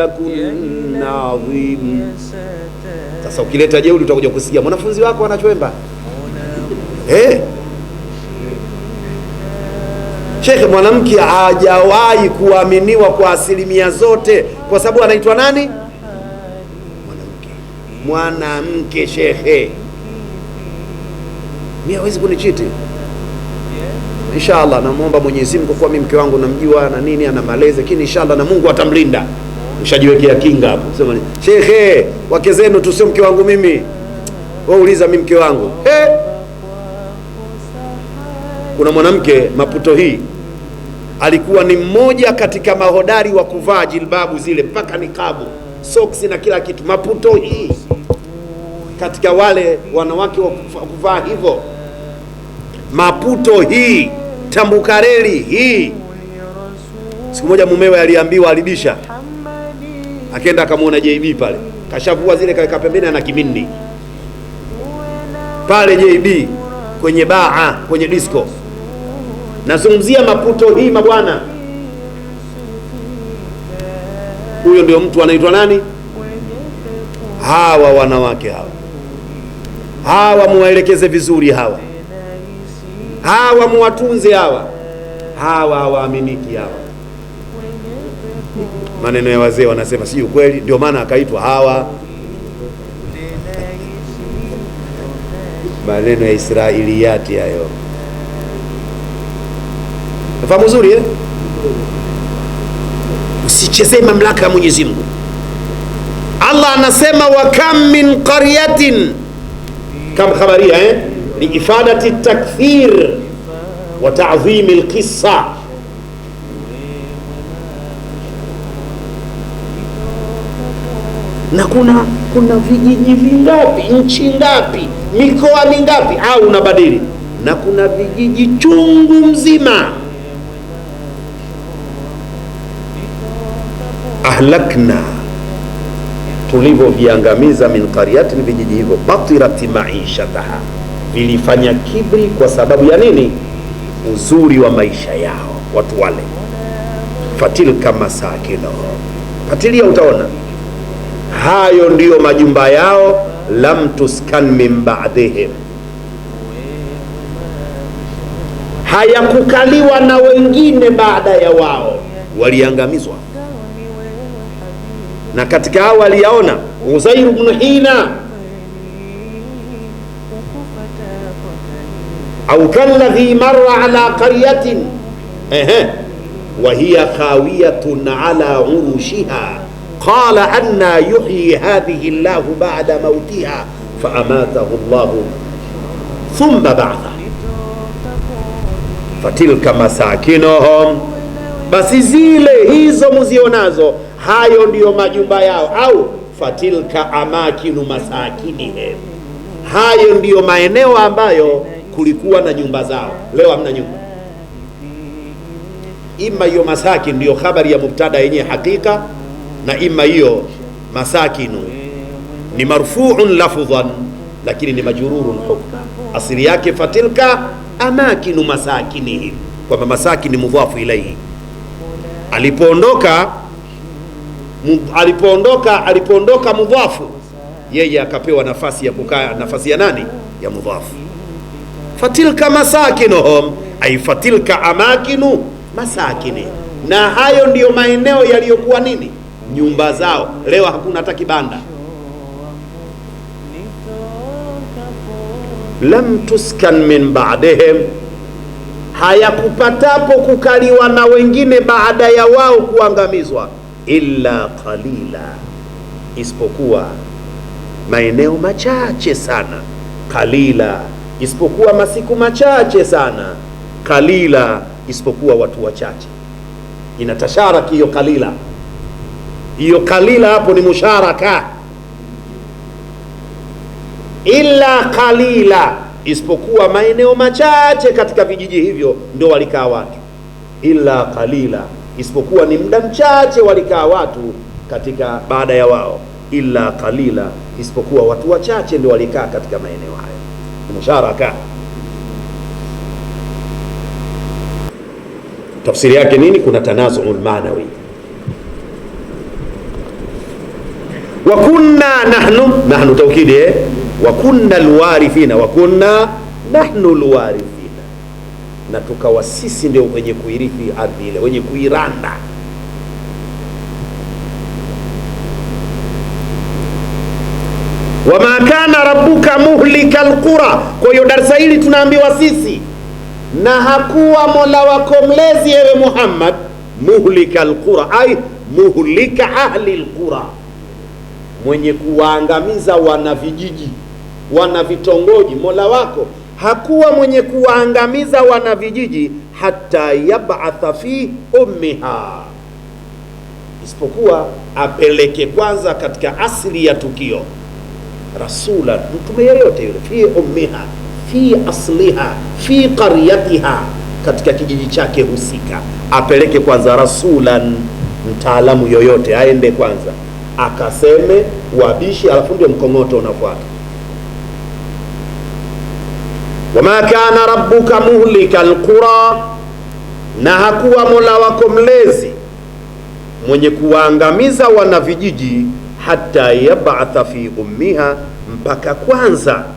adhim. Sasa ukileta jeuri utakuja kusikia mwanafunzi wako anachoemba eh, shekhe, mwanamke hajawahi kuaminiwa kwa asilimia zote, kwa sababu anaitwa nani? Mwanamke, mwanamke shekhe, mi hawezi kunichiti inshallah. Namwomba Mwenyezi Mungu, kwa mimi mke wangu namjua na nini, ana malezi lakini inshallah na Mungu atamlinda ushajiwekea kinga hapo. Sema shehe, shekhe, wake zenu tu, sio mke wangu mimi. Wewe uliza mimi mke wangu he. Kuna mwanamke Maputo hii alikuwa ni mmoja katika mahodari wa kuvaa jilbabu zile mpaka nikabu soksi na kila kitu. Maputo hii katika wale wanawake wa kuvaa hivyo, Maputo hii, Tambukareli hii. Siku moja mumewe aliambiwa alibisha Akaenda akamwona JB pale, kashavua zile kaweka pembeni, ana kimindi pale JB kwenye baa, kwenye disco. Nazungumzia Maputo hii mabwana. Huyo ndio mtu anaitwa nani? Hawa wanawake hawa hawa, muwaelekeze vizuri hawa hawa, muwatunze hawa hawa, hawaaminiki hawa maneno ya wazee wanasema si ukweli, ndio maana akaitwa Hawa. Maneno ya Israiliyati hayo, fahamu zuri eh? Usichezee mamlaka ya Mwenyezi Mungu. Allah anasema wa kam min qaryatin, kam khabaria eh? ifadati takthir wa ta'dhim alqissa na kuna kuna vijiji vingapi, nchi ngapi, mikoa mingapi? Au unabadili na kuna vijiji chungu mzima. Ahlakna, tulivyoviangamiza min qaryatin, vijiji hivyo batirat maishataha, vilifanya kibri. Kwa sababu ya nini? Uzuri wa maisha yao watu wale. Fatilka masakinuhum, fatilia utaona hayo ndiyo majumba yao, lam tuskan min ba'dihim, hayakukaliwa na wengine baada ya wao, waliangamizwa. Na katika hao waliyaona Uzairu bnu Hina au kalladhi marra ala qaryatin ehe, wa hiya khawiyatun ala urushiha qala anna yuhyi hadhihi llahu bada mautiha faamatahu llahu thumma baatha fatilka masakinuhum, basi zile hizo mzionazo, hayo ndiyo majumba yao. Au fatilka amakinu masakinihim, hayo ndiyo maeneo ambayo kulikuwa na nyumba zao. Leo hamna nyumba. Ima hiyo masaki ndiyo habari ya mubtada yenye hakika na ima hiyo masakinu ni marfuun lafdhan, lakini ni majururun hukman, asili yake fatilka amakinu masakinihim, kwamba masakini mudhafu ilaihi. Alipoondoka alipoondoka alipoondoka mudhafu, yeye akapewa nafasi ya kukaa, nafasi ya nani? Ya mudhafu. Fatilka masakinuhum, ay fatilka amakinu masakini, na hayo ndiyo maeneo yaliyokuwa nini nyumba zao, leo hakuna hata kibanda. lam tuskan min ba'dihim, hayakupatapo kukaliwa na wengine baada ya wao kuangamizwa, illa qalila, isipokuwa maeneo machache sana. Qalila, isipokuwa masiku machache sana. Qalila, isipokuwa watu wachache. Inatasharaki hiyo qalila hiyo kalila hapo ni musharaka, illa kalila, isipokuwa maeneo machache katika vijiji hivyo ndio walikaa watu, illa kalila, isipokuwa ni muda mchache walikaa watu katika baada ya wao, illa kalila, isipokuwa watu wachache ndio walikaa katika maeneo hayo, musharaka tafsiri yake nini? Kuna tanazuu maanawi wa kunna nahnu nahnu taukidi eh? wa kunna alwarithina wa kunna nahnu alwarithina, na tukawa sisi ndio wenye kuirithi ardhi ile, wenye kuiranda. Wama kana rabbuka muhlika alqura. Kwa hiyo darsa hili tunaambiwa sisi, na hakuwa mola wako mlezi, ewe Muhammad, muhlika alqura, ai muhlika ahli alqura mwenye kuwaangamiza wana vijiji, wana vitongoji. Mola wako hakuwa mwenye kuwaangamiza wana vijiji, hata yabatha fi ummiha, isipokuwa apeleke kwanza katika asili ya tukio rasula, mtume yeyote yule, fi ummiha, fi asliha, fi qaryatiha, katika kijiji chake husika, apeleke kwanza rasulan, mtaalamu yoyote aende kwanza akaseme wabishi alafu ndio mkong'oto unafuata. Wama kana rabbuka muhlika alqura, na hakuwa mola wako mlezi mwenye kuwaangamiza wana vijiji, hata yabatha fi ummiha, mpaka kwanza